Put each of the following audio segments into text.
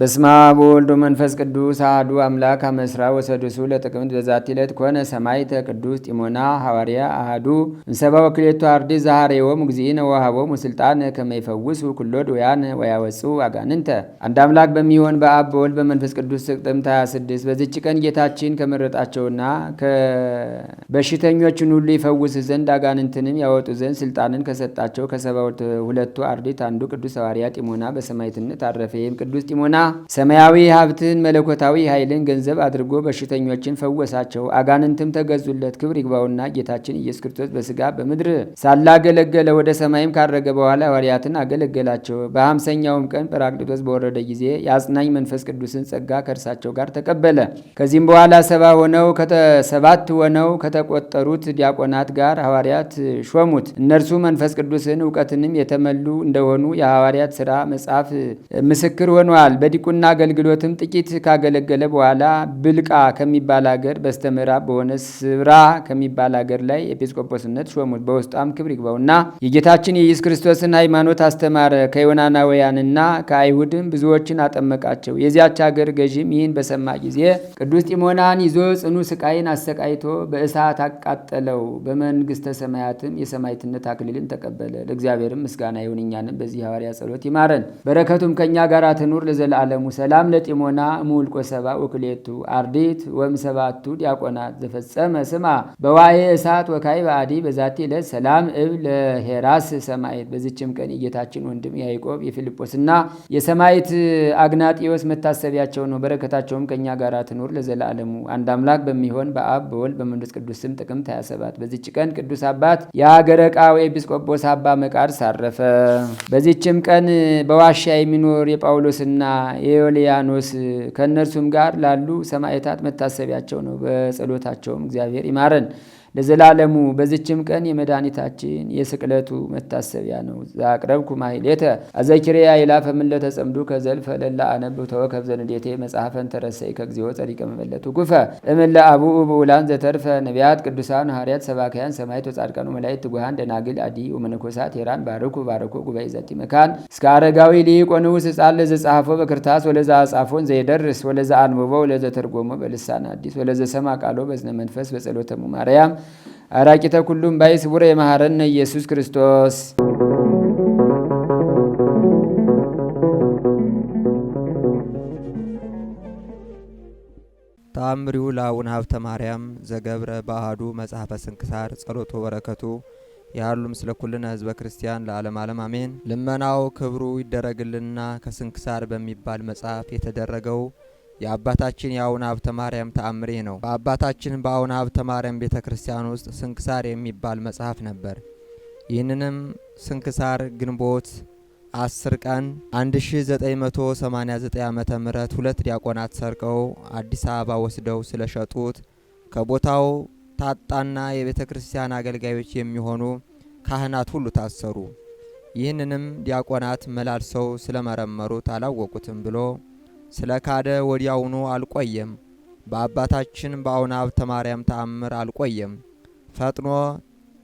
በስማ በወልዶ መንፈስ ቅዱስ አህዱ አምላክ አመስራ ወሰዱሱ ለጥቅምት በዛቲ ዕለት ኮነ ሰማዕተ ቅዱስ ጢሞና ሐዋርያ አህዱ እንሰባ ወክሌቱ አርዲ ዛሃሬዎሙ እግዚእነ ወሀቦሙ ስልጣን ከመ ይፈውሱ ኩሎ ድውያን ወያወጽኡ አጋንንተ። አንድ አምላክ በሚሆን በአብ በወልድ በመንፈስ ቅዱስ ጥቅምት 26 በዚች ቀን ጌታችን ከመረጣቸውና በሽተኞችን ሁሉ ይፈውስ ዘንድ አጋንንትንም ያወጡ ዘንድ ስልጣንን ከሰጣቸው ከሰባ ሁለቱ አርዲት አንዱ ቅዱስ ሐዋርያ ጢሞና በሰማዕትነት አረፈ። ይህም ቅዱስ ጢሞና ሰማያዊ ሀብትን መለኮታዊ ኃይልን ገንዘብ አድርጎ በሽተኞችን ፈወሳቸው፣ አጋንንትም ተገዙለት። ክብር ይግባውና ጌታችን ኢየሱስ ክርስቶስ በስጋ በምድር ሳላገለገለ ወደ ሰማይም ካረገ በኋላ ሐዋርያትን አገለገላቸው። በአምሰኛውም ቀን ጰራቅሊጦስ በወረደ ጊዜ የአጽናኝ መንፈስ ቅዱስን ጸጋ ከእርሳቸው ጋር ተቀበለ። ከዚህም በኋላ ሰባ ሆነው ሰባት ሆነው ከተቆጠሩት ዲያቆናት ጋር ሐዋርያት ሾሙት። እነርሱ መንፈስ ቅዱስን እውቀትንም የተመሉ እንደሆኑ የሐዋርያት ሥራ መጽሐፍ ምስክር ሆኗል። በዲቁና አገልግሎትም ጥቂት ካገለገለ በኋላ ብልቃ ከሚባል አገር በስተ ምዕራብ በሆነ ስብራ ከሚባል አገር ላይ ኤጲስቆጶስነት ሾሙት። በውስጧም ክብር ይግባውና የጌታችን የኢየሱስ ክርስቶስን ሃይማኖት አስተማረ። ከዮናናውያንና ከአይሁድም ብዙዎችን አጠመቃቸው። የዚያች አገር ገዥም ይህን በሰማ ጊዜ ቅዱስ ጢሞናን ይዞ ጽኑ ስቃይን አሰቃይቶ በእሳት አቃጠለው። በመንግስተ ሰማያትም የሰማይትነት አክሊልን ተቀበለ። ለእግዚአብሔርም ምስጋና ይሁን እኛንም በዚህ ሐዋርያ ጸሎት ይማረን በረከቱም ከእኛ ጋር ትኑር ለዘላ ለዘላለሙ ሰላም ለጢሞና እሙልቆ ሰባ ወክሌቱ አርዲት ወም ሰባቱ ዲያቆናት ዘፈጸመ ስማ በዋዬ እሳት ወካይ በአዲ በዛቲ ዕለት ሰላም እብ ለሄራስ ሰማይት። በዚችም ቀን የጌታችን ወንድም ያዕቆብ የፊልጶስና የሰማይት አግናጢዮስ መታሰቢያቸው ነው። በረከታቸውም ከእኛ ጋር ትኑር ለዘላለሙ አንድ አምላክ በሚሆን በአብ በወልድ በመንፈስ ቅዱስ ስም ጥቅምት 27 በዚች ቀን ቅዱስ አባት የሀገረ ቃው ኤጲስቆጶስ አባ መቃርስ አረፈ። በዚችም ቀን በዋሻ የሚኖር የጳውሎስና የዮልያኖስ ከእነርሱም ጋር ላሉ ሰማዕታት መታሰቢያቸው ነው። በጸሎታቸውም እግዚአብሔር ይማረን። ለዘላለሙ በዚችም ቀን የመድኃኒታችን የስቅለቱ መታሰቢያ ነው። ዛቅረብኩ ማይሌተ አዘኪሪያ ይላፈ ምለተ ጸምዱ ከዘልፈ ለላ አነብ ተወከብ ዘንዴቴ መጽሐፈን ተረሰይ ከግዚኦ ጸሪቀ መመለቱ ጉፈ እምለ አቡኡ ብኡላን ዘተርፈ ነቢያት ቅዱሳን ሐዋርያት ሰባካያን ሰማዕት ወጻድቃኑ መላይት ትጉሃን ደናግል አዲ ወመነኮሳት ሄራን ባርኩ ባረኮ ጉባኤ ዘቲ መካን እስከ አረጋዊ ልይቆ ወንዑስ ሕፃን ለዘጻሐፎ በክርታስ ወለዛ አጻፎን ዘይደርስ ወለዛ አንብቦ ወለዘ ተርጎሞ በልሳን አዲስ ወለዘ ሰማ ቃሎ በዝነ መንፈስ በጸሎተሙ ማርያም አራቂተ ኩሉም ባይስ ቡረ የመሐረነ ኢየሱስ ክርስቶስ ተአምሪው ለአቡነ ሀብተ ማርያም ዘገብረ በአሐዱ መጽሐፈ ስንክሳር ጸሎቶ በረከቱ ያሉ ምስለ ኩልነ ህዝበ ክርስቲያን ለዓለም ዓለም አሜን። ልመናው ክብሩ ይደረግልንና ከስንክሳር በሚባል መጽሐፍ የተደረገው የአባታችን የአቡነ ሀብተ ማርያም ተአምር ነው። በአባታችን በአቡነ ሀብተ ማርያም ቤተ ክርስቲያን ውስጥ ስንክሳር የሚባል መጽሐፍ ነበር። ይህንንም ስንክሳር ግንቦት አስር ቀን 1989 ዓ ም ሁለት ዲያቆናት ሰርቀው አዲስ አበባ ወስደው ስለሸጡት ከቦታው ታጣና የቤተ ክርስቲያን አገልጋዮች የሚሆኑ ካህናት ሁሉ ታሰሩ። ይህንንም ዲያቆናት መላልሰው ስለመረመሩት አላወቁትም ብሎ ስለ ካደ ወዲያውኑ አልቆየም። በአባታችን በአቡነ ሀብተ ማርያም ተአምር አልቆየም። ፈጥኖ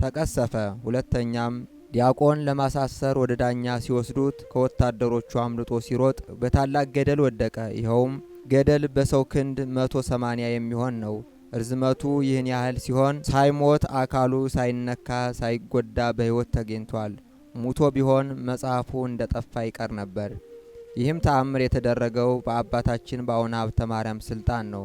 ተቀሰፈ። ሁለተኛም ዲያቆን ለማሳሰር ወደ ዳኛ ሲወስዱት ከወታደሮቹ አምልጦ ሲሮጥ በታላቅ ገደል ወደቀ። ይኸውም ገደል በሰው ክንድ መቶ ሰማኒያ የሚሆን ነው። እርዝመቱ ይህን ያህል ሲሆን ሳይሞት አካሉ ሳይነካ ሳይጎዳ በሕይወት ተገኝቷል። ሙቶ ቢሆን መጽሐፉ እንደ ጠፋ ይቀር ነበር። ይህም ተአምር የተደረገው በአባታችን በአቡነ ሀብተ ማርያም ስልጣን ነው።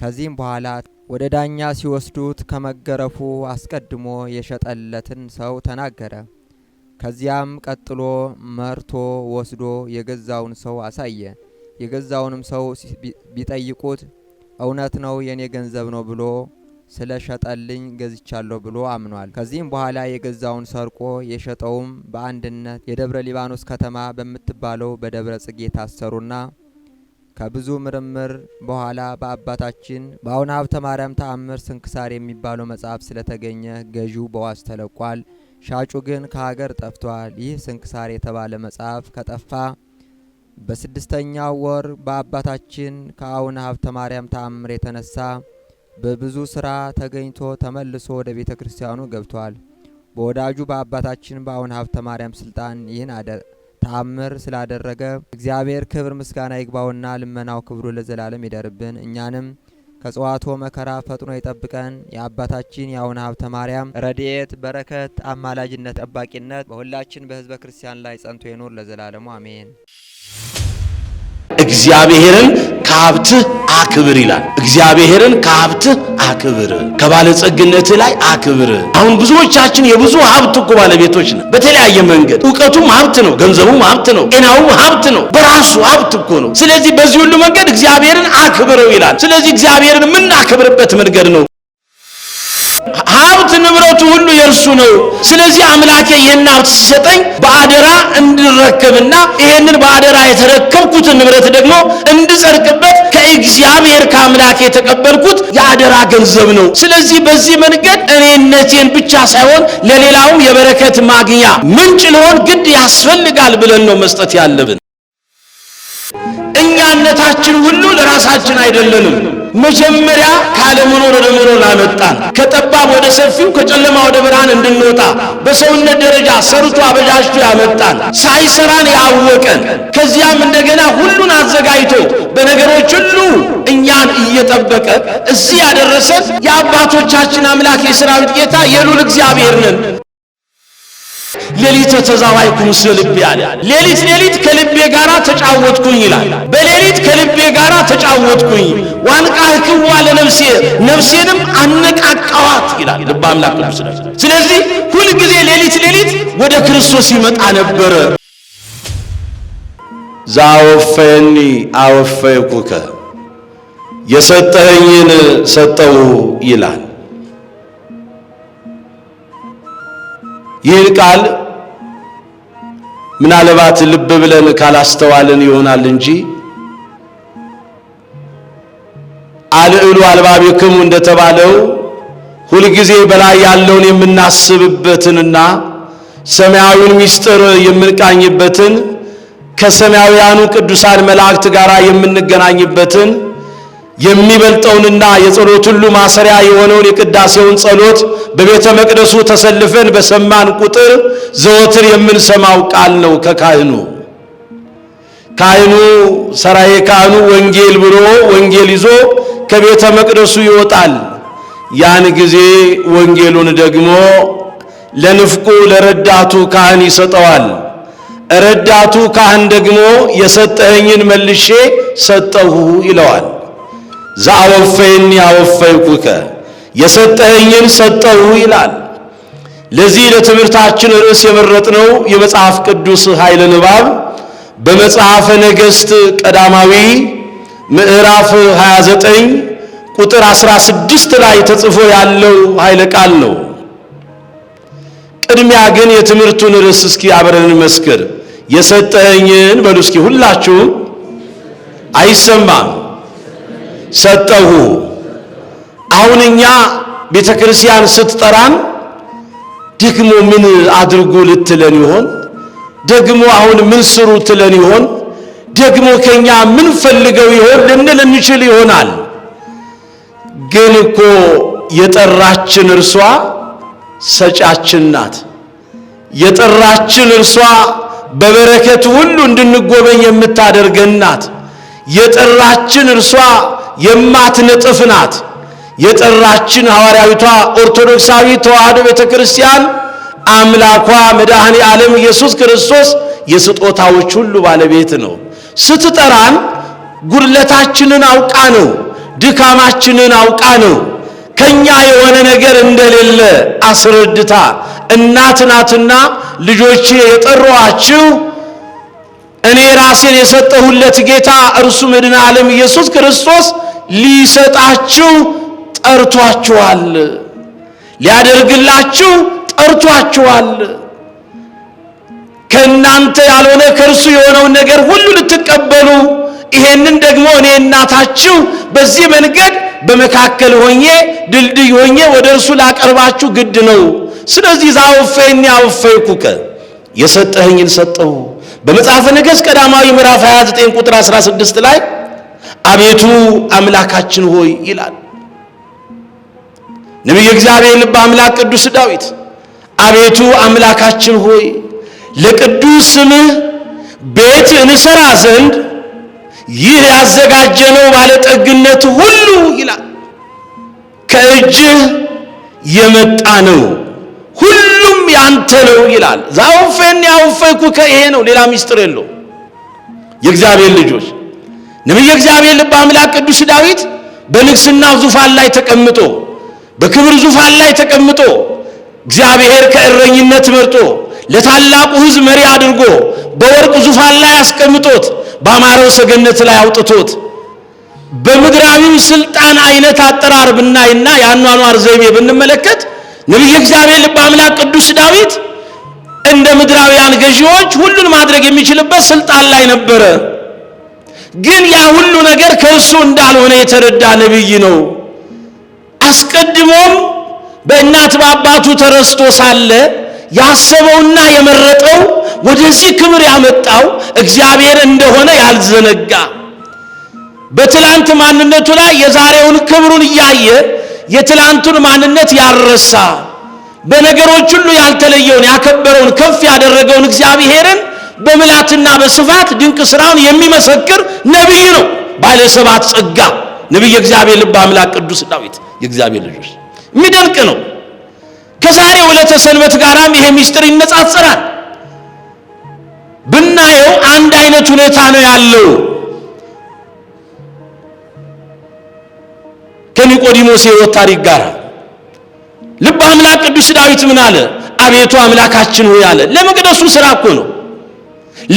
ከዚህም በኋላ ወደ ዳኛ ሲወስዱት ከመገረፉ አስቀድሞ የሸጠለትን ሰው ተናገረ። ከዚያም ቀጥሎ መርቶ ወስዶ የገዛውን ሰው አሳየ። የገዛውንም ሰው ቢጠይቁት እውነት ነው የእኔ ገንዘብ ነው ብሎ ስለሸጠልኝ ገዝቻለሁ ብሎ አምኗል። ከዚህም በኋላ የገዛውን ሰርቆ የሸጠውም በአንድነት የደብረ ሊባኖስ ከተማ በምትባለው በደብረ ጽጌ ታሰሩና ከብዙ ምርምር በኋላ በአባታችን በአቡነ ሀብተ ማርያም ተአምር ስንክሳር የሚባለው መጽሐፍ ስለተገኘ ገዢው በዋስ ተለቋል። ሻጩ ግን ከሀገር ጠፍቷል። ይህ ስንክሳር የተባለ መጽሐፍ ከጠፋ በስድስተኛው ወር በአባታችን ከአቡነ ሀብተ ማርያም ተአምር የተነሳ በብዙ ስራ ተገኝቶ ተመልሶ ወደ ቤተ ክርስቲያኑ ገብቷል። በወዳጁ በአባታችን በአቡነ ሀብተ ማርያም ስልጣን ይህን ተአምር ስላደረገ እግዚአብሔር ክብር ምስጋና ይግባውና ልመናው ክብሩ ለዘላለም ይደርብን። እኛንም ከጽዋቶ መከራ ፈጥኖ ይጠብቀን። የአባታችን የአቡነ ሀብተ ማርያም ረድኤት በረከት፣ አማላጅነት፣ ጠባቂነት በሁላችን በህዝበ ክርስቲያን ላይ ጸንቶ ይኑር ለዘላለሙ አሜን። እግዚአብሔርን ከሀብትህ አክብር ይላል። እግዚአብሔርን ከሀብትህ አክብር፣ ከባለጸግነትህ ላይ አክብር። አሁን ብዙዎቻችን የብዙ ሀብት እኮ ባለቤቶች ነን፣ በተለያየ መንገድ እውቀቱም ሀብት ነው፣ ገንዘቡም ሀብት ነው፣ ጤናውም ሀብት ነው፣ በራሱ ሀብት እኮ ነው። ስለዚህ በዚህ ሁሉ መንገድ እግዚአብሔርን አክብረው ይላል። ስለዚህ እግዚአብሔርን የምናክብርበት መንገድ ነው ሀብት ንብረቱ ሁሉ የእርሱ ነው። ስለዚህ አምላኬ ይህን ሀብት ሲሰጠኝ በአደራ እንድረከብና ይህንን በአደራ የተረከብኩትን ንብረት ደግሞ እንድጸድቅበት ከእግዚአብሔር ከአምላኬ የተቀበልኩት የአደራ ገንዘብ ነው። ስለዚህ በዚህ መንገድ እኔነቴን ብቻ ሳይሆን ለሌላውም የበረከት ማግኛ ምንጭ ልሆን ግድ ያስፈልጋል ብለን ነው መስጠት ያለብን። እኛነታችን ሁሉ ለራሳችን አይደለንም። መጀመሪያ ካለመኖር ወደ መኖር ላመጣን ከጠባብ ወደ ሰፊው ከጨለማ ወደ ብርሃን እንድንወጣ በሰውነት ደረጃ ሰርቶ አበጃጅቶ ያመጣን ሳይሰራን ያወቀን ከዚያም እንደገና ሁሉን አዘጋጅቶ በነገሮች ሁሉ እኛን እየጠበቀ እዚህ ያደረሰን የአባቶቻችን አምላክ የሰራዊት ጌታ የሉል እግዚአብሔር ነን። ሌሊት ተዛዋይኩ ምስለ ልቤ አለ። ሌሊት ሌሊት ከልቤ ጋራ ተጫወትኩኝ ይላል። በሌሊት ከልቤ ጋራ ተጫወትኩኝ። ዋንቃህክዋ ለነፍሴ ነፍሴንም አነቃቃዋት ይላል ልበ አምላክ ቅዱስ። ስለዚህ ሁልጊዜ ሌሊት ሌሊት ወደ ክርስቶስ ይመጣ ነበረ። ዛወፈየኒ አወፈየኩከ የሰጠኸኝን ሰጠው ይላል። ይህን ቃል ምናልባት ልብ ብለን ካላስተዋልን ይሆናል እንጂ አልዕሉ አልባቢክሙ እንደተባለው ሁልጊዜ በላይ ያለውን የምናስብበትንና ሰማያዊን ምስጢር የምንቃኝበትን ከሰማያውያኑ ቅዱሳን መላእክት ጋር የምንገናኝበትን የሚበልጠውንና የጸሎት ሁሉ ማሰሪያ የሆነውን የቅዳሴውን ጸሎት በቤተ መቅደሱ ተሰልፈን በሰማን ቁጥር ዘወትር የምንሰማው ቃል ነው። ከካህኑ ካህኑ ሰራዬ ካህኑ ወንጌል ብሎ ወንጌል ይዞ ከቤተ መቅደሱ ይወጣል። ያን ጊዜ ወንጌሉን ደግሞ ለንፍቁ ለረዳቱ ካህን ይሰጠዋል። ረዳቱ ካህን ደግሞ የሰጠኸኝን መልሼ ሰጠሁ ይለዋል። ዘአወፈይኒ አወፈይኩከ የሰጠኸኝን ሰጠው ይላል። ለዚህ ለትምህርታችን ርዕስ የመረጥነው የመጽሐፍ ቅዱስ ኃይለ ንባብ በመጽሐፈ ነገሥት ቀዳማዊ ምዕራፍ 29 ቁጥር 16 ላይ ተጽፎ ያለው ኃይለ ቃል ነው። ቅድሚያ ግን የትምህርቱን ርዕስ እስኪ አብረን መስክር የሰጠኸኝን በሉ እስኪ ሁላችሁ አይሰማም ሰጠሁ። አሁን እኛ ቤተ ክርስቲያን ስትጠራን ደግሞ ምን አድርጉ ልትለን ይሆን? ደግሞ አሁን ምን ስሩ ትለን ይሆን? ደግሞ ከኛ ምን ፈልገው ይሆን ልንል እንችል ይሆናል። ግን እኮ የጠራችን እርሷ ሰጫችን ናት። የጠራችን እርሷ በበረከት ሁሉ እንድንጎበኝ የምታደርገን ናት። የጠራችን እርሷ የማትነጥፍ ናት። የጠራችን ሐዋርያዊቷ ኦርቶዶክሳዊ ተዋሕዶ ቤተ ክርስቲያን አምላኳ መድኃኔ ዓለም ኢየሱስ ክርስቶስ የስጦታዎች ሁሉ ባለቤት ነው። ስትጠራን ጉድለታችንን አውቃ ነው፣ ድካማችንን አውቃ ነው፣ ከኛ የሆነ ነገር እንደሌለ አስረድታ እናት ናትና ልጆቼ የጠሯችሁ እኔ ራሴን የሰጠሁለት ጌታ እርሱ መድኃኔ ዓለም ኢየሱስ ክርስቶስ ሊሰጣችሁ ጠርቷችኋል፣ ሊያደርግላችሁ ጠርቷችኋል። ከእናንተ ያልሆነ ከእርሱ የሆነውን ነገር ሁሉ ልትቀበሉ ይሄንን ደግሞ እኔ እናታችሁ በዚህ መንገድ በመካከል ሆኜ ድልድይ ሆኜ ወደ እርሱ ላቀርባችሁ ግድ ነው። ስለዚህ ዛውፌኒ አውፌኩከ የሰጠኸኝን ሰጠሁ። በመጽሐፈ ነገሥት ቀዳማዊ ምዕራፍ 29 ቁጥር 16 ላይ አቤቱ አምላካችን ሆይ ይላል ነቢዩ እግዚአብሔር ልበ አምላክ ቅዱስ ዳዊት። አቤቱ አምላካችን ሆይ ለቅዱስ ስምህ ቤት እንሰራ ዘንድ ይህ ያዘጋጀነው ባለጠግነት ሁሉ ይላል ከእጅህ የመጣ ነው፣ ሁሉም ያንተ ነው ይላል። ዛውፌን ያውፈኩ ከይሄ ነው፣ ሌላ ሚስጥር የለው። የእግዚአብሔር ልጆች ነቢየ እግዚአብሔር ልበ አምላክ ቅዱስ ዳዊት በንግስና ዙፋን ላይ ተቀምጦ በክብር ዙፋን ላይ ተቀምጦ እግዚአብሔር ከእረኝነት መርጦ ለታላቁ ሕዝብ መሪ አድርጎ በወርቅ ዙፋን ላይ አስቀምጦት በአማረው ሰገነት ላይ አውጥቶት በምድራዊው ስልጣን አይነት አጠራር ብናይና የአኗኗር ዘይቤ ብንመለከት ነቢየ እግዚአብሔር ልበ አምላክ ቅዱስ ዳዊት እንደ ምድራውያን ገዢዎች ሁሉን ማድረግ የሚችልበት ስልጣን ላይ ነበረ። ግን ያ ሁሉ ነገር ከእሱ እንዳልሆነ የተረዳ ነቢይ ነው። አስቀድሞም በእናት በአባቱ ተረስቶ ሳለ ያሰበውና የመረጠው ወደዚህ ክብር ያመጣው እግዚአብሔር እንደሆነ ያልዘነጋ በትላንት ማንነቱ ላይ የዛሬውን ክብሩን እያየ የትላንቱን ማንነት ያረሳ በነገሮች ሁሉ ያልተለየውን ያከበረውን ከፍ ያደረገውን እግዚአብሔርን በምላትና በስፋት ድንቅ ስራውን የሚመሰክር ነቢይ ነው። ባለሰባት ጸጋ ነቢይ እግዚአብሔር ልብ አምላክ ቅዱስ ዳዊት የእግዚአብሔር ልጆች የሚደንቅ ነው። ከዛሬ ዕለተ ሰንበት ጋራም ይሄ ሚስጥር ይነጻጸራል። ብናየው አንድ አይነት ሁኔታ ነው ያለው። ከኒቆዲሞስ የሕይወት ታሪክ ጋር ልበ አምላክ ቅዱስ ዳዊት ምን አለ? አቤቱ አምላካችን ሆይ አለ። ለመቅደሱ ስራ እኮ ነው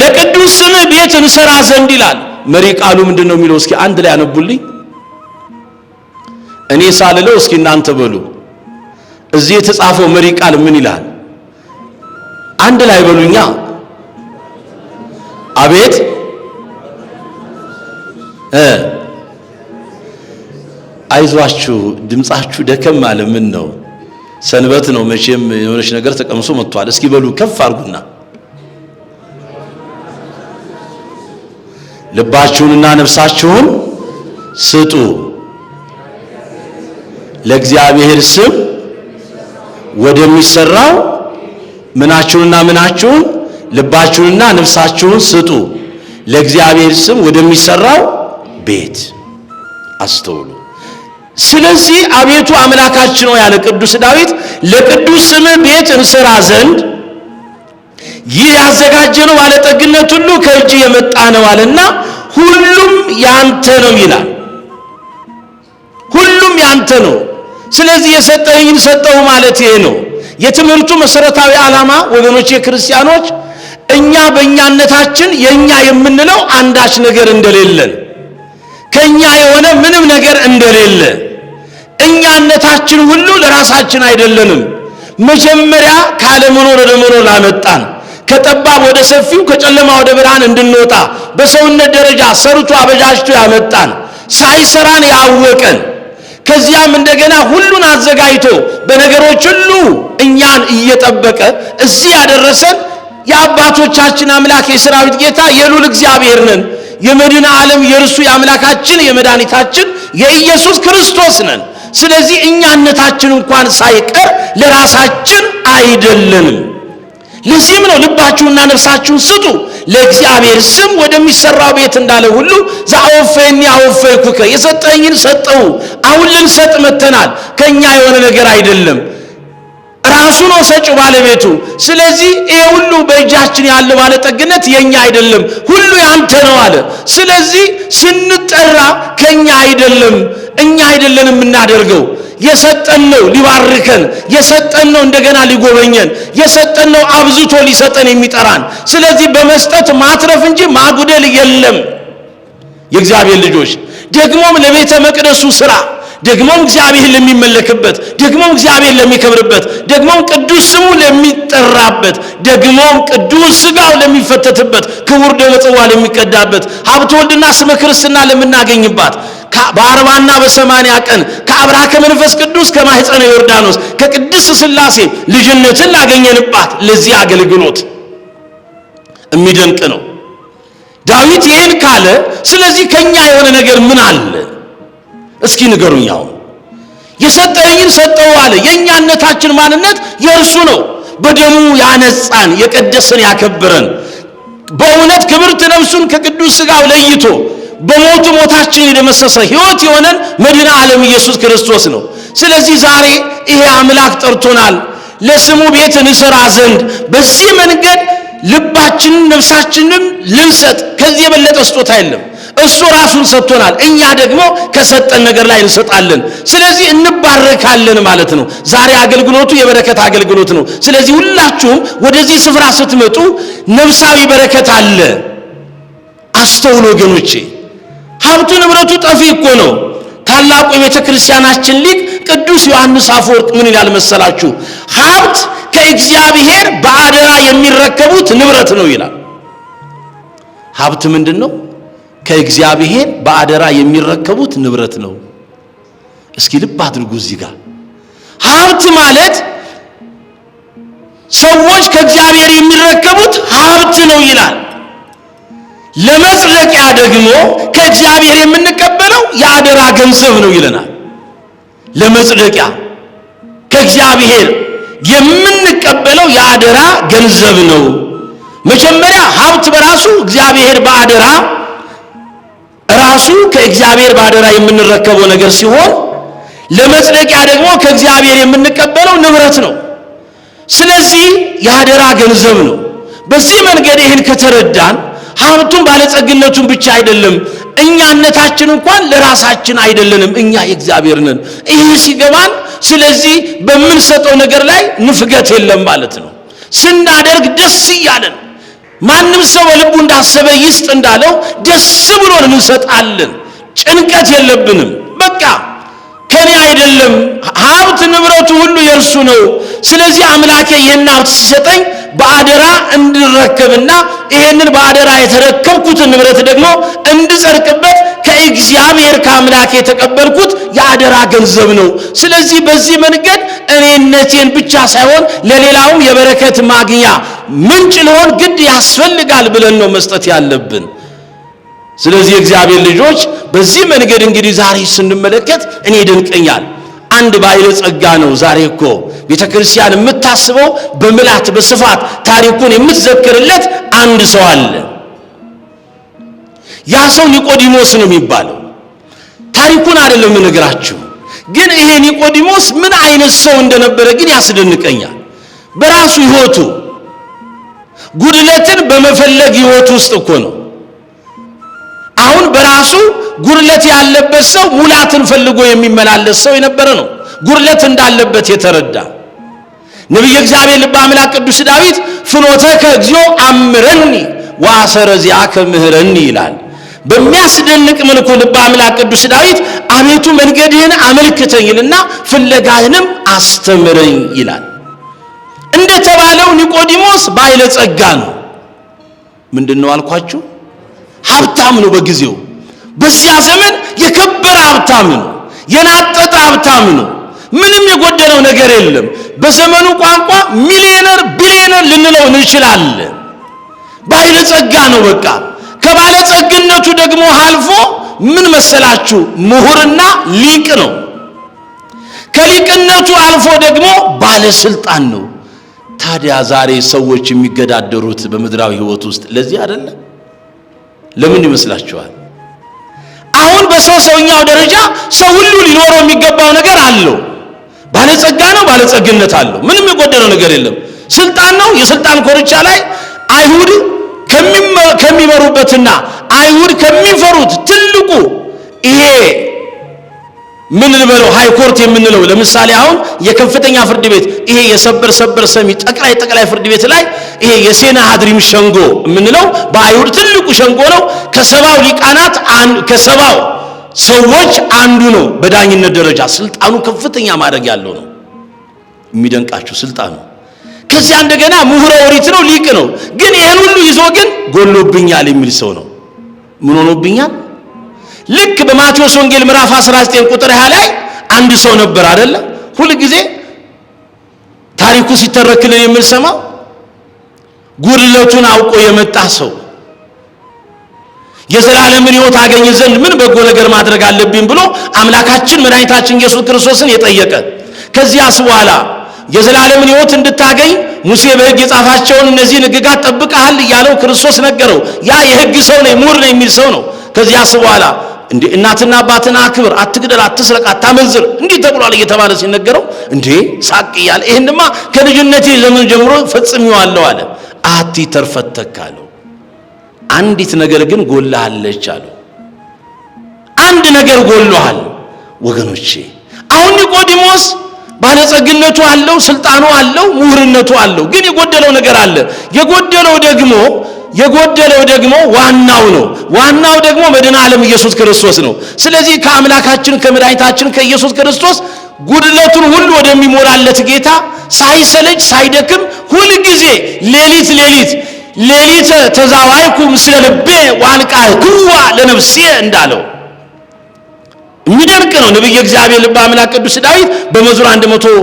ለቅዱስ ስም ቤት እንሰራ ዘንድ ይላል። መሪ ቃሉ ምንድን ነው የሚለው? እስኪ አንድ ላይ አነቡልኝ? እኔ ሳልለው እስኪ እናንተ በሉ። እዚህ የተጻፈው መሪ ቃል ምን ይላል? አንድ ላይ በሉኛ። አቤት እ አይዟችሁ ድምጻችሁ ደከም አለ። ምን ነው ሰንበት ነው መቼም የሆነች ነገር ተቀምሶ መጥቷል። እስኪ በሉ ከፍ አድርጉና ልባችሁንና ነፍሳችሁን ስጡ ለእግዚአብሔር ስም ወደሚሰራው ምናችሁንና ምናችሁን ልባችሁንና ነፍሳችሁን ስጡ ለእግዚአብሔር ስም ወደሚሰራው ቤት። አስተውሉ። ስለዚህ አቤቱ አምላካችን ነው ያለ ቅዱስ ዳዊት ለቅዱስ ስም ቤት እንሰራ ዘንድ ይህ ነው ባለጠግነት ሁሉ ከእጅ የመጣ ነው አለና ሁሉም ያንተ ነው ይላል። ሁሉም ያንተ ነው። ስለዚህ የሰጠኝን ሰጠው ማለት ይሄ ነው። የትምህርቱ መሰረታዊ ዓላማ ወገኖች፣ የክርስቲያኖች እኛ በእኛነታችን የእኛ የምንለው አንዳች ነገር እንደሌለን ከእኛ የሆነ ምንም ነገር እንደሌለ እኛነታችን ሁሉ ለራሳችን አይደለንም። መጀመሪያ ካለመኖር ወደ መኖር ላመጣን ከጠባብ ወደ ሰፊው ከጨለማ ወደ ብርሃን እንድንወጣ በሰውነት ደረጃ ሰርቶ አበጃጅቶ ያመጣን ሳይሰራን ያወቀን ከዚያም እንደገና ሁሉን አዘጋጅቶ በነገሮች ሁሉ እኛን እየጠበቀ እዚህ ያደረሰን የአባቶቻችን አምላክ የሰራዊት ጌታ የሉል እግዚአብሔር ነን። የመድን ዓለም የእርሱ የአምላካችን የመድኃኒታችን የኢየሱስ ክርስቶስ ነን። ስለዚህ እኛነታችን እንኳን ሳይቀር ለራሳችን አይደለንም። ለዚህም ነው ልባችሁና ነፍሳችሁን ስጡ ለእግዚአብሔር ስም ወደሚሰራው ቤት እንዳለ ሁሉ ዘአወፈኒ አወፈይኩከ የሰጠኝን ሰጠው። አሁን ልንሰጥ መተናል። ከኛ የሆነ ነገር አይደለም፣ ራሱ ነው ሰጪው ባለቤቱ። ስለዚህ ይሄ ሁሉ በእጃችን ያለ ባለጠግነት የኛ አይደለም፣ ሁሉ ያንተ ነው አለ። ስለዚህ ስንጠራ ከኛ አይደለም እኛ አይደለን የምናደርገው። የሰጠን ነው ሊባርከን፣ የሰጠን ነው እንደገና ሊጎበኘን፣ የሰጠን ነው አብዝቶ ሊሰጠን የሚጠራን። ስለዚህ በመስጠት ማትረፍ እንጂ ማጉደል የለም። የእግዚአብሔር ልጆች ደግሞም ለቤተ መቅደሱ ሥራ ደግሞም እግዚአብሔር ለሚመለክበት ደግሞም እግዚአብሔር ለሚከብርበት ደግሞም ቅዱስ ስሙ ለሚጠራበት ደግሞም ቅዱስ ስጋው ለሚፈተትበት ክቡር ደመ ለሚቀዳበት ሀብተ ወልድና ስመ ክርስትና ለምናገኝባት በአርባና በሰማንያ ቀን ከአብራከ መንፈስ ቅዱስ ከማህፀነ ዮርዳኖስ ከቅድስ ስላሴ ልጅነትን ላገኘንባት ለዚህ አገልግሎት የሚደንቅ ነው። ዳዊት ይህን ካለ፣ ስለዚህ ከኛ የሆነ ነገር ምን አለ? እስኪ ንገሩኛው። የሰጠኝን ሰጠው አለ። የእኛነታችን ማንነት የእርሱ ነው። በደሙ ያነጻን፣ የቀደሰን፣ ያከበረን በእውነት ክብርት ነፍሱን ከቅዱስ ሥጋው ለይቶ በሞቱ ሞታችን የደመሰሰ ህይወት የሆነን መድኃኔ ዓለም ኢየሱስ ክርስቶስ ነው። ስለዚህ ዛሬ ይሄ አምላክ ጠርቶናል ለስሙ ቤት እንሰራ ዘንድ በዚህ መንገድ ልባችንን ነፍሳችንን ልንሰጥ ከዚህ የበለጠ ስጦታ የለም። እሱ ራሱን ሰጥቶናል፣ እኛ ደግሞ ከሰጠን ነገር ላይ እንሰጣለን። ስለዚህ እንባረካለን ማለት ነው። ዛሬ አገልግሎቱ የበረከት አገልግሎት ነው። ስለዚህ ሁላችሁም ወደዚህ ስፍራ ስትመጡ ነፍሳዊ በረከት አለ። አስተውሎ ወገኖቼ ሀብቱ ንብረቱ ጠፊ እኮ ነው። ታላቁ የቤተ ክርስቲያናችን ሊቅ ቅዱስ ዮሐንስ አፈወርቅ ምን ይላል መሰላችሁ? ሀብት ከእግዚአብሔር በአደራ የሚረከቡት ንብረት ነው ይላል። ሀብት ምንድን ነው? ከእግዚአብሔር በአደራ የሚረከቡት ንብረት ነው። እስኪ ልብ አድርጉ እዚህ ጋር ሀብት ማለት ሰዎች ከእግዚአብሔር የሚረከቡት ሀብት ነው ይላል። ለመጽደቂያ ደግሞ ከእግዚአብሔር የምንቀበለው የአደራ ገንዘብ ነው ይለናል። ለመጽደቂያ ከእግዚአብሔር የምንቀበለው የአደራ ገንዘብ ነው። መጀመሪያ ሀብት በራሱ እግዚአብሔር በአደራ ራሱ ከእግዚአብሔር በአደራ የምንረከበው ነገር ሲሆን ለመጽደቂያ ደግሞ ከእግዚአብሔር የምንቀበለው ንብረት ነው። ስለዚህ የአደራ ገንዘብ ነው። በዚህ መንገድ ይህን ከተረዳን ሀብቱን ባለጸግነቱን ብቻ አይደለም እኛነታችን እንኳን ለራሳችን አይደለንም፣ እኛ የእግዚአብሔር ነን። ይህ ሲገባን፣ ስለዚህ በምንሰጠው ነገር ላይ ንፍገት የለም ማለት ነው። ስናደርግ ደስ እያለን ማንም ሰው በልቡ እንዳሰበ ይስጥ እንዳለው ደስ ብሎን እንሰጣለን። ጭንቀት የለብንም። በቃ ከኔ አይደለም ሀብት ንብረቱ ሁሉ የእርሱ ነው። ስለዚህ አምላኬ ይህን ሀብት ሲሰጠኝ በአደራ እንድረከብና ይሄንን በአደራ የተረከብኩትን ንብረት ደግሞ እንድጸድቅበት ከእግዚአብሔር ከአምላክ የተቀበልኩት የአደራ ገንዘብ ነው። ስለዚህ በዚህ መንገድ እኔነቴን ብቻ ሳይሆን ለሌላውም የበረከት ማግኛ ምንጭ ልሆን ግድ ያስፈልጋል ብለን ነው መስጠት ያለብን። ስለዚህ እግዚአብሔር ልጆች በዚህ መንገድ እንግዲህ ዛሬ ስንመለከት እኔ ይደንቀኛል አንድ ባይለ ጸጋ ነው። ዛሬ እኮ ቤተ ክርስቲያን የምታስበው በምላት በስፋት ታሪኩን የምትዘክርለት አንድ ሰው አለ። ያ ሰው ኒቆዲሞስ ነው የሚባለው። ታሪኩን አይደለም የምነግራችሁ፣ ግን ይሄ ኒቆዲሞስ ምን አይነት ሰው እንደነበረ ግን ያስደንቀኛል። በራሱ ህይወቱ ጉድለትን በመፈለግ ሕይወቱ ውስጥ እኮ ነው አሁን በራሱ ጉድለት ያለበት ሰው ሙላትን ፈልጎ የሚመላለስ ሰው የነበረ ነው። ጉድለት እንዳለበት የተረዳ ነቢይ እግዚአብሔር ልበ አምላክ ቅዱስ ዳዊት ፍኖተ ከእግዚኦ አምረኒ ዋሰረዚያ ዚአከ ምህረኒ ይላል። በሚያስደንቅ መልኩ ልበ አምላክ ቅዱስ ዳዊት አቤቱ መንገድህን አመልክተኝና ፍለጋህንም አስተምረኝ ይላል። እንደተባለው ኒቆዲሞስ ባይለጸጋ ነው። ምንድነው ነው አልኳችሁ? ሀብታም ነው በጊዜው በዚያ ዘመን የከበረ ሀብታም ነው፣ የናጠጠ ሀብታም ነው። ምንም የጎደለው ነገር የለም። በዘመኑ ቋንቋ ሚሊዮነር ቢሊዮነር ልንለው እንችላለን። ባይለ ጸጋ ነው። በቃ ጸግነቱ ደግሞ አልፎ ምን መሰላችሁ ምሁርና ሊቅ ነው። ከሊቅነቱ አልፎ ደግሞ ባለስልጣን ነው። ታዲያ ዛሬ ሰዎች የሚገዳደሩት በምድራዊ ህይወት ውስጥ ለዚህ አይደለም። ለምን ይመስላችኋል? አሁን በሶስተኛው ደረጃ ሰው ሁሉ ሊኖረው የሚገባው ነገር አለው። ባለጸጋ ነው፣ ባለጸግነት አለው። ምንም የጎደለው ነገር የለም። ስልጣን ነው። የስልጣን ኮርቻ ላይ አይሁድ ከሚመሩበትና አይሁድ ከሚፈሩት ትልቁ ይሄ ምን ልበለው ሃይ ኮርት የምንለው ለምሳሌ አሁን የከፍተኛ ፍርድ ቤት ይሄ የሰበር ሰበር ሰሚ ጠቅላይ ጠቅላይ ፍርድ ቤት ላይ ይሄ የሴና ሀድሪም ሸንጎ የምንለው በአይሁድ ትልቁ ሸንጎ ነው። ከሰባው ሊቃናት ከሰባው ሰዎች አንዱ ነው። በዳኝነት ደረጃ ስልጣኑ ከፍተኛ ማድረግ ያለው ነው። የሚደንቃችሁ ስልጣኑ። ከዚያ እንደገና ምሁረ ኦሪት ነው፣ ሊቅ ነው። ግን ይህን ሁሉ ይዞ ግን ጎሎብኛል የሚል ሰው ነው። ምን ሆኖብኛል? ልክ በማቴዎስ ወንጌል ምዕራፍ 19 ቁጥር 20 ላይ አንድ ሰው ነበር አይደለ? ሁልጊዜ ታሪኩ ሲተረክልን የምንሰማው ጉድለቱን አውቆ የመጣ ሰው የዘላለምን ሕይወት አገኝ ዘንድ ምን በጎ ነገር ማድረግ አለብኝ ብሎ አምላካችን መድኃኒታችን ኢየሱስ ክርስቶስን የጠየቀ ከዚያስ በኋላ የዘላለምን ሕይወት እንድታገኝ ሙሴ በሕግ የጻፋቸውን እነዚህን ሕግጋት ጠብቀሃል እያለው ክርስቶስ ነገረው። ያ የሕግ ሰው ነው፣ ምሁር ነው የሚል ሰው ነው። ከዚያስ በኋላ እንዴ እናትና አባትን አክብር፣ አትግደል፣ አትስረቅ፣ አታመንዝር እንዲህ ተብሏል እየተባለ ሲነገረው እንዴ ሳቅ እያለ ይህንማ ከልጅነቴ ዘመን ጀምሮ ፈጽሜዋለሁ አለ። አትተርፈተክ አለው። አንዲት ነገር ግን ጎልሃለች አለው። አንድ ነገር ጎልሃል ወገኖቼ። አሁን ኒቆዲሞስ ባለጸግነቱ አለው፣ ስልጣኑ አለው፣ ምሁርነቱ አለው። ግን የጎደለው ነገር አለ። የጎደለው ደግሞ የጎደለው ደግሞ ዋናው ነው። ዋናው ደግሞ መድኃኔ ዓለም ኢየሱስ ክርስቶስ ነው። ስለዚህ ከአምላካችን ከመድኃኒታችን ከኢየሱስ ክርስቶስ ጉድለቱን ሁሉ ወደሚሞላለት ጌታ ሳይሰለች ሳይደክም ሁልጊዜ ሌሊት ሌሊት ሌሊተ ተዛዋይኩ ምስለ ልቤ ወአልቃህክሙ ለነፍሴ እንዳለው የሚደንቅ ነው። ነቢየ እግዚአብሔር ልበ አምላክ ቅዱስ ዳዊት በመዝሙር 100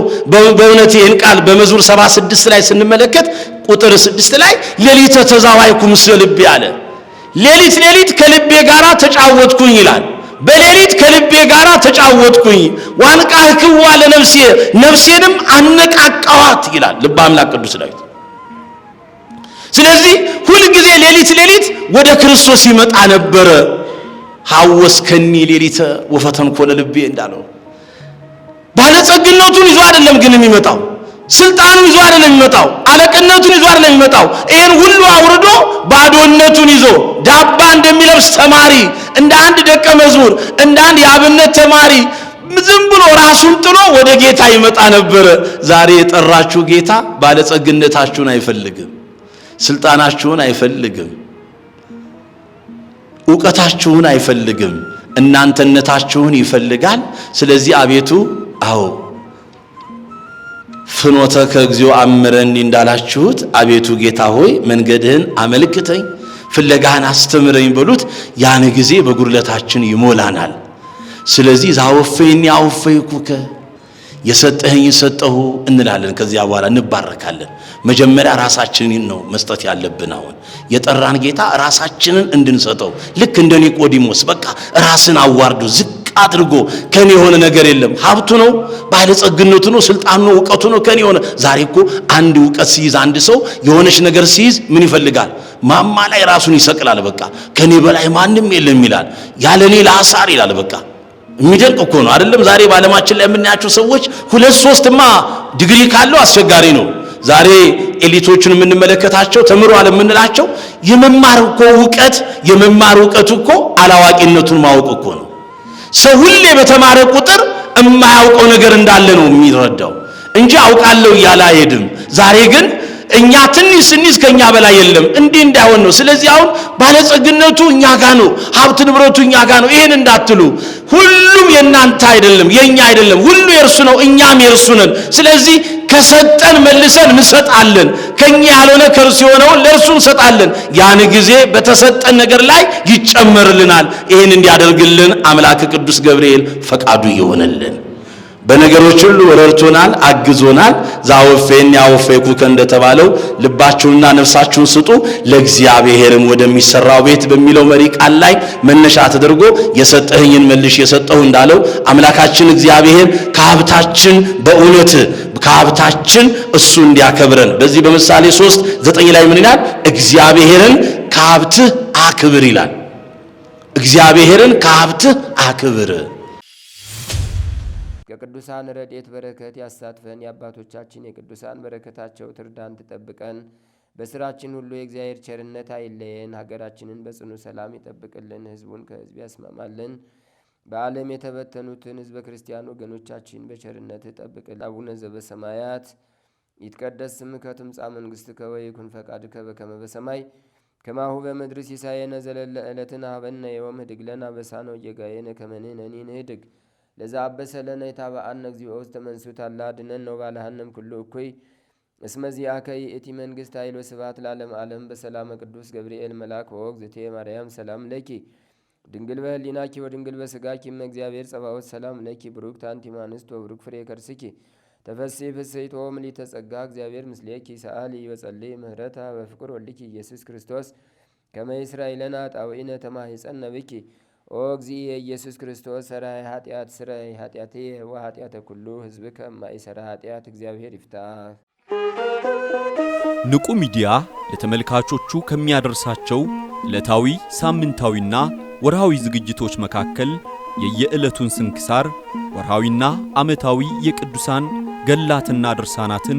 በእውነት ይህን ቃል በመዝሙር 76 ላይ ስንመለከት ቁጥር 6 ላይ ሌሊተ ተዛዋይኩ ምስለ ልቤ አለ። ሌሊት ሌሊት ከልቤ ጋር ተጫወትኩኝ ይላል። በሌሊት ከልቤ ጋር ተጫወትኩኝ፣ ዋንቃህ ክዋ ለነፍሴ ነፍሴንም አነቃቃዋት ይላል ልበ አምላክ ቅዱስ ዳዊት። ስለዚህ ሁልጊዜ ሌሊት ሌሊት ወደ ክርስቶስ ይመጣ ነበረ። ሐወስከኒ ሌሊተ ወፈተንኮለ ልቤ እንዳለው ባለጸግነቱን ይዞ አይደለም ግን የሚመጣው ስልጣኑን ይዞ አይደለም የሚመጣው አለቅነቱን ይዞ አይደለም የሚመጣው። ይህን ሁሉ አውርዶ ባዶነቱን ይዞ ዳባ እንደሚለብስ ተማሪ እንደ አንድ ደቀ መዝሙር እንደ አንድ የአብነት ተማሪ ዝም ብሎ ራሱን ጥሎ ወደ ጌታ ይመጣ ነበረ። ዛሬ የጠራችሁ ጌታ ባለጸግነታችሁን አይፈልግም፣ ስልጣናችሁን አይፈልግም፣ እውቀታችሁን አይፈልግም፣ እናንተነታችሁን ይፈልጋል። ስለዚህ አቤቱ አዎ ፍኖተ ከእግዚኦ አምረኒ እንዳላችሁት አቤቱ ጌታ ሆይ መንገድህን አመልክተኝ ፍለጋህን አስተምረኝ በሉት። ያን ጊዜ በጉድለታችን ይሞላናል። ስለዚህ ዛወፈይኒ አወፈይኩከ የሰጠህኝ ሰጠሁ እንላለን። ከዚያ በኋላ እንባረካለን። መጀመሪያ ራሳችንን ነው መስጠት ያለብን። አሁን የጠራን ጌታ ራሳችንን እንድንሰጠው ልክ እንደ ኒቆዲሞስ በቃ ራስን አዋርዱ ዝቅ አድርጎ ከኔ የሆነ ነገር የለም። ሀብቱ ነው፣ ባለጸግነቱ ነው፣ ስልጣኑ ነው፣ እውቀቱ ነው ከኔ የሆነ። ዛሬ እኮ አንድ እውቀት ሲይዝ አንድ ሰው የሆነች ነገር ሲይዝ ምን ይፈልጋል? ማማ ላይ ራሱን ይሰቅላል። በቃ ከኔ በላይ ማንም የለም ይላል። ያለ እኔ ለአሳር ይላል። በቃ የሚደንቅ እኮ ነው አይደለም? ዛሬ በዓለማችን ላይ የምናያቸው ሰዎች ሁለት ሶስትማ ዲግሪ ካለው አስቸጋሪ ነው። ዛሬ ኤሊቶቹን የምንመለከታቸው ተምሯል የምንላቸው የመማር እኮ እውቀት የመማር እውቀቱ እኮ አላዋቂነቱን ማወቅ እኮ ነው። ሰው ሁሌ በተማረ ቁጥር የማያውቀው ነገር እንዳለ ነው የሚረዳው እንጂ አውቃለሁ እያለ አይሄድም። ዛሬ ግን እኛ ትንሽ ስንይዝ ከኛ በላይ የለም። እንዲህ እንዳይሆን ነው። ስለዚህ አሁን ባለጸግነቱ እኛ ጋ ነው፣ ሀብት ንብረቱ እኛ ጋ ነው። ይሄን እንዳትሉ። ሁሉም የእናንተ አይደለም፣ የእኛ አይደለም። ሁሉ የእርሱ ነው፣ እኛም የእርሱ ነን። ስለዚህ ከሰጠን መልሰን እንሰጣለን። ከኛ ያልሆነ ከእርሱ የሆነውን ለእርሱ እንሰጣለን። ያን ጊዜ በተሰጠን ነገር ላይ ይጨመርልናል። ይህን እንዲያደርግልን አምላክ ቅዱስ ገብርኤል ፈቃዱ ይሆነልን። በነገሮች ሁሉ ረድቶናል፣ አግዞናል። ዛወፌን ያወፌኩ እንደተባለው ልባችሁንና ነፍሳችሁን ስጡ ለእግዚአብሔርም ወደሚሰራው ቤት በሚለው መሪ ቃል ላይ መነሻ ተደርጎ የሰጠህኝን መልሽ የሰጠሁ እንዳለው አምላካችን እግዚአብሔር ከሀብታችን በእውነት ከሀብታችን እሱ እንዲያከብረን በዚህ በምሳሌ ሶስት ዘጠኝ ላይ ምን ይላል? እግዚአብሔርን ከሀብትህ አክብር ይላል። እግዚአብሔርን ከሀብትህ አክብር የቅዱሳን ረድኤት በረከት ያሳትፈን። የአባቶቻችን የቅዱሳን በረከታቸው ትርዳን፣ ትጠብቀን። በስራችን ሁሉ የእግዚአብሔር ቸርነት አይለየን። ሀገራችንን በጽኑ ሰላም ይጠብቅልን፣ ህዝቡን ከህዝብ ያስማማልን። በዓለም የተበተኑትን ህዝበ ክርስቲያን ወገኖቻችን በቸርነት ጠብቅልን። አቡነ ዘበሰማያት ይትቀደስ ስምከ ትምጻእ መንግሥትከ ወይኩን ፈቃድከ በከመ በሰማይ ከማሁ በምድር ሲሳየነ ዘለለ ዕለትነ ሀበነ ዮም ህድግ ለነ አበሳነ ወጌጋየነ ከመ ንሕነኒ ንህድግ ለዛ አበሰለነ የታበአነ እግዚኦ ውስጥ መንሱት አላ ድነን ነው ባለሃንም ኩሉ እኩይ እስመዚያ ከይ እቲ መንግስት ኃይሎ ስባት ላለም ዓለም በሰላመ ቅዱስ ገብርኤል መልአክ ወወግ ዝቴ ማርያም ሰላም ለኪ ድንግል በህሊናኪ ወድንግል በስጋኪ እመ እግዚአብሔር ጸባዖት ሰላም ለኪ ብሩክ ታንቲ ማንስት ወብሩክ ፍሬ ከርስኪ ተፈሲ ፍስሕቶ ምልዕተ ጸጋ እግዚአብሔር ምስሌኪ ሰአሊ ወጸልይ ምህረታ በፍቅር ወልኪ ኢየሱስ ክርስቶስ ከመ ይስራይ ለነ ጣውዒነ ብኪ ኦ እግዚእ ኢየሱስ ክርስቶስ ሰራይ ኃጢአት ስራይ ኃጢአቴ ወኃጢአተ ኩሉ ህዝብ ከማይሰራ ኃጢአት እግዚአብሔር ይፍታ። ንቁ ሚዲያ ለተመልካቾቹ ከሚያደርሳቸው ዕለታዊ ሳምንታዊና ወርሃዊ ዝግጅቶች መካከል የየዕለቱን ስንክሳር ወርሃዊና ዓመታዊ የቅዱሳን ገላትና ድርሳናትን